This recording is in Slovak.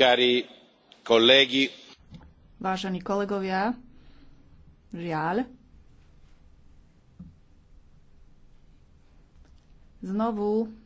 cari colleghi vážení kolegovia žiaľ znovu